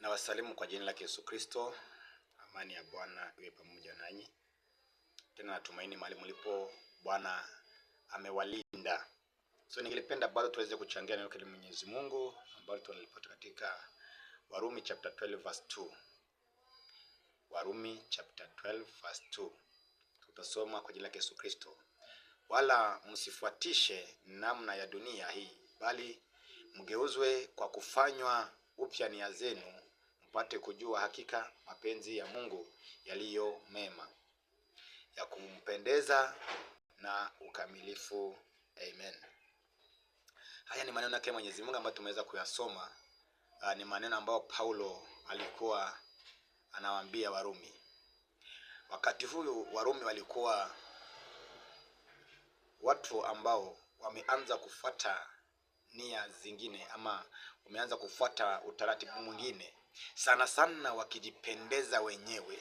Na wasalimu kwa jina la Yesu Kristo. Amani ya Bwana iwe pamoja nanyi. Tena natumaini mahali mlipo Bwana amewalinda. So ningelipenda bado tuweze kuchangia neno la Mwenyezi Mungu ambalo tunalipata katika Warumi chapter 12 verse 2. Warumi chapter 12 verse 2. Tutasoma kwa jina la Yesu Kristo. Wala msifuatishe namna ya dunia hii, bali mgeuzwe kwa kufanywa upya nia zenu upate kujua hakika mapenzi ya Mungu yaliyo mema ya kumpendeza na ukamilifu. Amen. Haya ni maneno yake Mwenyezi Mungu ambayo tumeweza kuyasoma. Aa, ah, ni maneno ambayo Paulo alikuwa anawaambia Warumi. Wakati huyu Warumi walikuwa watu ambao wameanza kufuata nia zingine ama wameanza kufuata utaratibu mwingine sana sana wakijipendeza wenyewe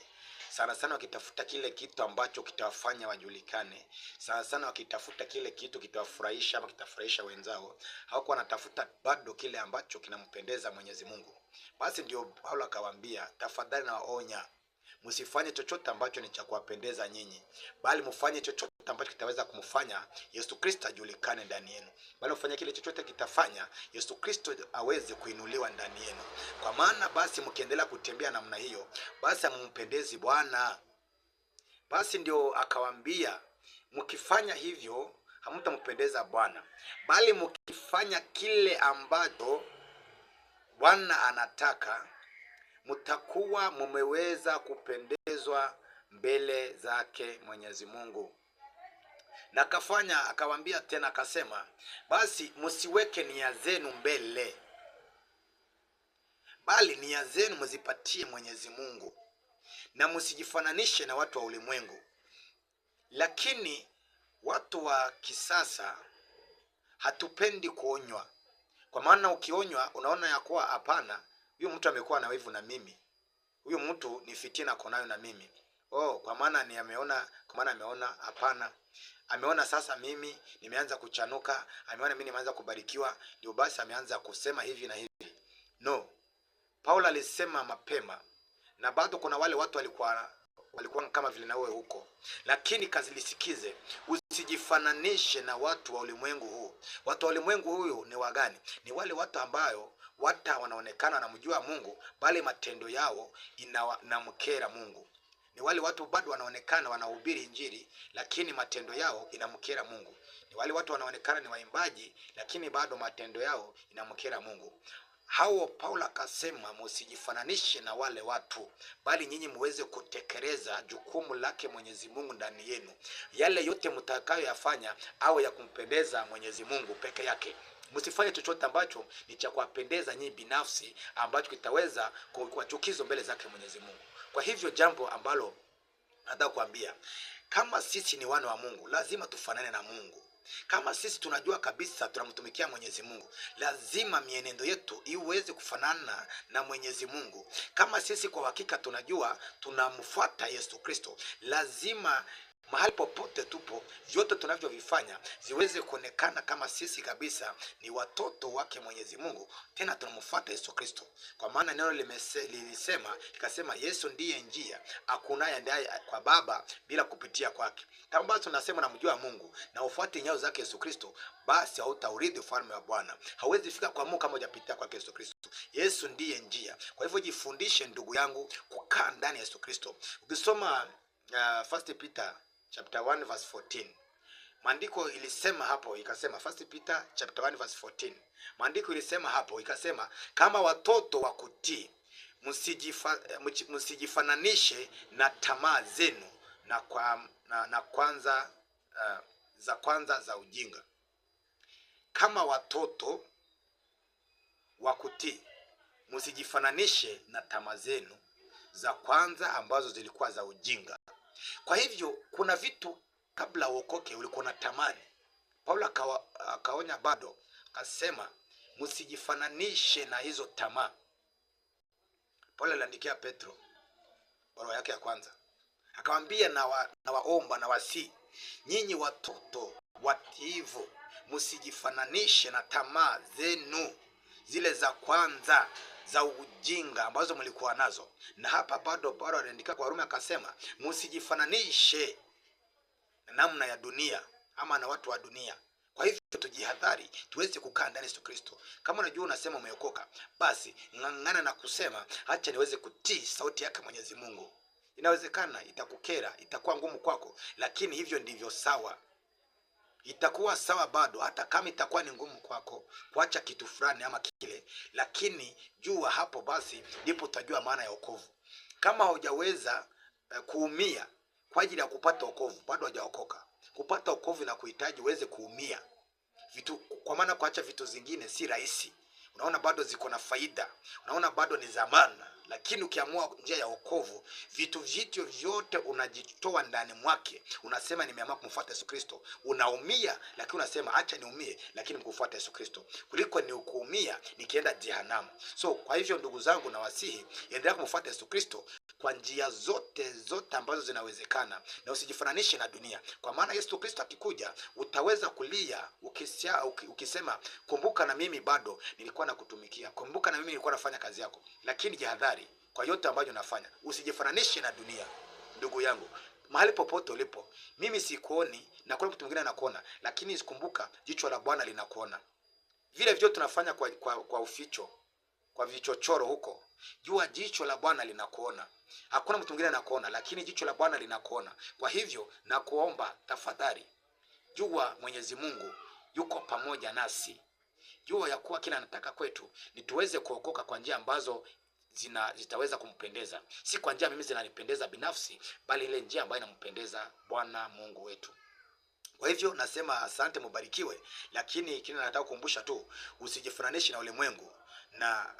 sana sana wakitafuta kile kitu ambacho kitawafanya wajulikane, sana sana wakitafuta kile kitu kitawafurahisha ama kitafurahisha wenzao, hawakuwa wanatafuta bado kile ambacho kinampendeza Mwenyezi Mungu. Basi ndio Paulo akawaambia, tafadhali nawaonya msifanye chochote ambacho ni cha kuwapendeza nyinyi, bali mfanye chochote chochote ambacho kitaweza kumfanya Yesu Kristo ajulikane ndani yenu, bali ufanye kile chochote kitafanya Yesu Kristo aweze kuinuliwa ndani yenu. Kwa maana basi mkiendelea kutembea namna hiyo, basi amumpendezi Bwana. Basi ndio akawaambia, mkifanya hivyo hamtampendeza Bwana, bali mkifanya kile ambacho Bwana anataka mtakuwa mumeweza kupendezwa mbele zake Mwenyezi Mungu na akafanya akawaambia tena, akasema basi msiweke nia zenu mbele, bali nia zenu mzipatie Mwenyezi Mungu, na msijifananishe na watu wa ulimwengu. Lakini watu wa kisasa hatupendi kuonywa, kwa maana ukionywa unaona ya kuwa hapana, huyu mtu amekuwa na wivu na mimi, huyu mtu ni fitina konayo na mimi Oh, kwa maana ni ameona, kwa maana ameona hapana. Ameona sasa mimi nimeanza kuchanuka, ameona mimi nimeanza kubarikiwa, ndio basi ameanza kusema hivi na hivi. No. Paulo alisema mapema na bado kuna wale watu walikuwa walikuwa kama vile na wewe huko, lakini kazilisikize, usijifananishe na watu wa ulimwengu huu. Watu wa ulimwengu huyu ni wagani? Ni wale watu ambayo wata wanaonekana wanamjua Mungu, bali matendo yao inamkera Mungu. Ni wale watu bado wanaonekana wanahubiri Injili, lakini matendo yao inamkera Mungu. Ni wale watu wanaonekana ni waimbaji, lakini bado matendo yao inamkera Mungu. Hao Paulo akasema, msijifananishe na wale watu, bali nyinyi muweze kutekeleza jukumu lake Mwenyezi Mungu ndani yenu, yale yote mtakayoyafanya au ya kumpendeza Mwenyezi Mungu peke yake. Msifanye chochote ambacho ni cha kuwapendeza nyinyi binafsi, ambacho kitaweza kuwa chukizo mbele zake Mwenyezi Mungu. Kwa hivyo jambo ambalo nataka kuambia, kama sisi ni wana wa Mungu, lazima tufanane na Mungu. Kama sisi tunajua kabisa tunamtumikia Mwenyezi Mungu, lazima mienendo yetu iweze kufanana na Mwenyezi Mungu. Kama sisi kwa hakika tunajua tunamfuata Yesu Kristo, lazima mahali popote tupo, vyote tunavyovifanya ziweze kuonekana kama sisi kabisa ni watoto wake Mwenyezi Mungu, tena tunamfuata Yesu Kristo, kwa maana neno lilisema ikasema, Yesu ndiye njia, hakuna aendaye kwa Baba bila kupitia kwake. Kama basi tunasema namjua Mungu na ufuate nyayo zake Yesu Kristo, basi hautaurithi ufalme wa Bwana. Hauwezi fika kwa Mungu kama hujapitia kwake Yesu Kristo. Yesu ndiye njia. Kwa hivyo jifundishe, ndugu yangu, kukaa ndani ya Yesu Kristo. Ukisoma uh, First Peter chapter 1 verse 14. Maandiko ilisema hapo ikasema, First Peter chapter 1 verse 14. Maandiko ilisema hapo ikasema, kama watoto wa kutii msijifa, eh, msijifananishe na tamaa zenu na, kwa, na, na kwanza uh, za kwanza za ujinga. Kama watoto wa kutii msijifananishe na tamaa zenu za kwanza ambazo zilikuwa za ujinga. Kwa hivyo kuna vitu kabla uokoke ulikuwa unatamani. Paulo akaonya bado akasema msijifananishe na hizo tamaa. Paulo aliandikia Petro barua yake ya kwanza, akawambia na, wa, na waomba na wasii, nyinyi watoto watiivu, msijifananishe na tamaa zenu zile za kwanza za ujinga ambazo mlikuwa nazo. Na hapa bado Paulo aliandika kwa Warumi akasema, msijifananishe na namna ya dunia ama na watu wa dunia. Kwa hivyo tujihadhari, tuweze kukaa ndani Yesu Kristo. Kama unajua unasema umeokoka, basi ng'ang'ana na kusema, acha niweze kutii sauti yake Mwenyezi Mungu. Inawezekana itakukera, itakuwa ngumu kwako, lakini hivyo ndivyo sawa itakuwa sawa bado, hata kama itakuwa ni ngumu kwako kuacha kitu fulani ama kile, lakini jua hapo basi, ndipo utajua maana ya wokovu. Kama haujaweza uh, kuumia kwa ajili ya kupata wokovu, bado hajaokoka. Kupata wokovu na kuhitaji uweze kuumia vitu, kwa maana kuacha vitu zingine si rahisi unaona bado ziko na faida, unaona bado ni zamana. Lakini ukiamua njia ya wokovu, vitu vitu vyote unajitoa ndani mwake, unasema nimeamua kumfuata Yesu Kristo. Unaumia lakini unasema acha niumie, lakini kufuata Yesu Kristo kuliko ni ukuumia nikienda jehanamu. So kwa hivyo, ndugu zangu, nawasihi endelea kumfuata Yesu Kristo, kwa njia zote zote ambazo zinawezekana, na usijifananishe na dunia, kwa maana Yesu Kristo akikuja utaweza kulia ukisia, ukisema kumbuka na mimi bado nilikuwa nakutumikia, kumbuka na mimi nilikuwa nafanya kazi yako. Lakini jihadhari kwa yote ambayo unafanya, usijifananishe na dunia. Ndugu yangu, mahali popote ulipo, mimi sikuoni na kuna mtu mwingine anakuona, lakini kumbuka, jicho la Bwana linakuona. Vile vyote tunafanya kwa, kwa, kwa uficho kwa vichochoro huko. Jua jicho la Bwana linakuona, hakuna mtu mwingine anakuona, lakini jicho la Bwana linakuona. Kwa hivyo nakuomba tafadhali, jua Mwenyezi Mungu yuko pamoja nasi, jua ya kuwa kila anataka kwetu ni tuweze kuokoka kwa njia ambazo zina zitaweza kumpendeza, si kwa njia mimi zinanipendeza binafsi, bali ile njia ambayo inampendeza Bwana Mungu wetu. Kwa hivyo nasema asante, mubarikiwe. Lakini kile nataka kukumbusha tu, usijifananishi na ulimwengu na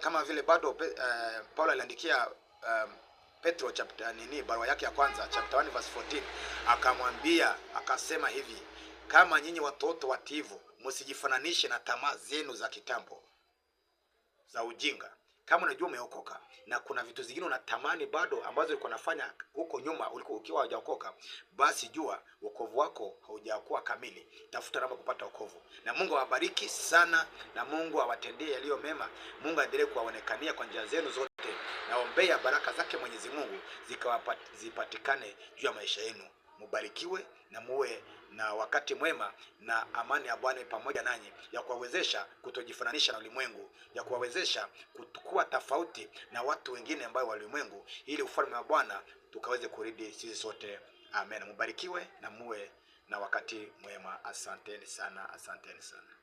kama vile bado uh, Paulo aliandikia um, Petro chapter nini barua yake ya kwanza chapter 1 verse 14 akamwambia akasema hivi kama nyinyi watoto wativu msijifananishe na tamaa zenu za kitambo za ujinga kama unajua umeokoka na kuna vitu zingine unatamani bado ambazo ulikuwa unafanya huko nyuma ulikuwa ukiwa haujaokoka, basi jua wokovu wako haujakuwa kamili. Tafuta namba kupata wokovu, na Mungu awabariki sana, na Mungu awatendee yaliyo mema. Mungu aendelee kuwaonekania kwa njia zenu zote. Naombea baraka zake Mwenyezi Mungu zikawapatikane juu ya maisha yenu. Mubarikiwe na muwe na wakati mwema na amani ya Bwana pamoja nanyi, ya kuwawezesha kutojifananisha na ulimwengu, ya kuwawezesha kuwa tofauti na watu wengine ambao wa ulimwengu, ili ufalme wa Bwana tukaweze kuridi sisi sote. Amen. Mubarikiwe na muwe na wakati mwema. Asanteni sana, asanteni sana.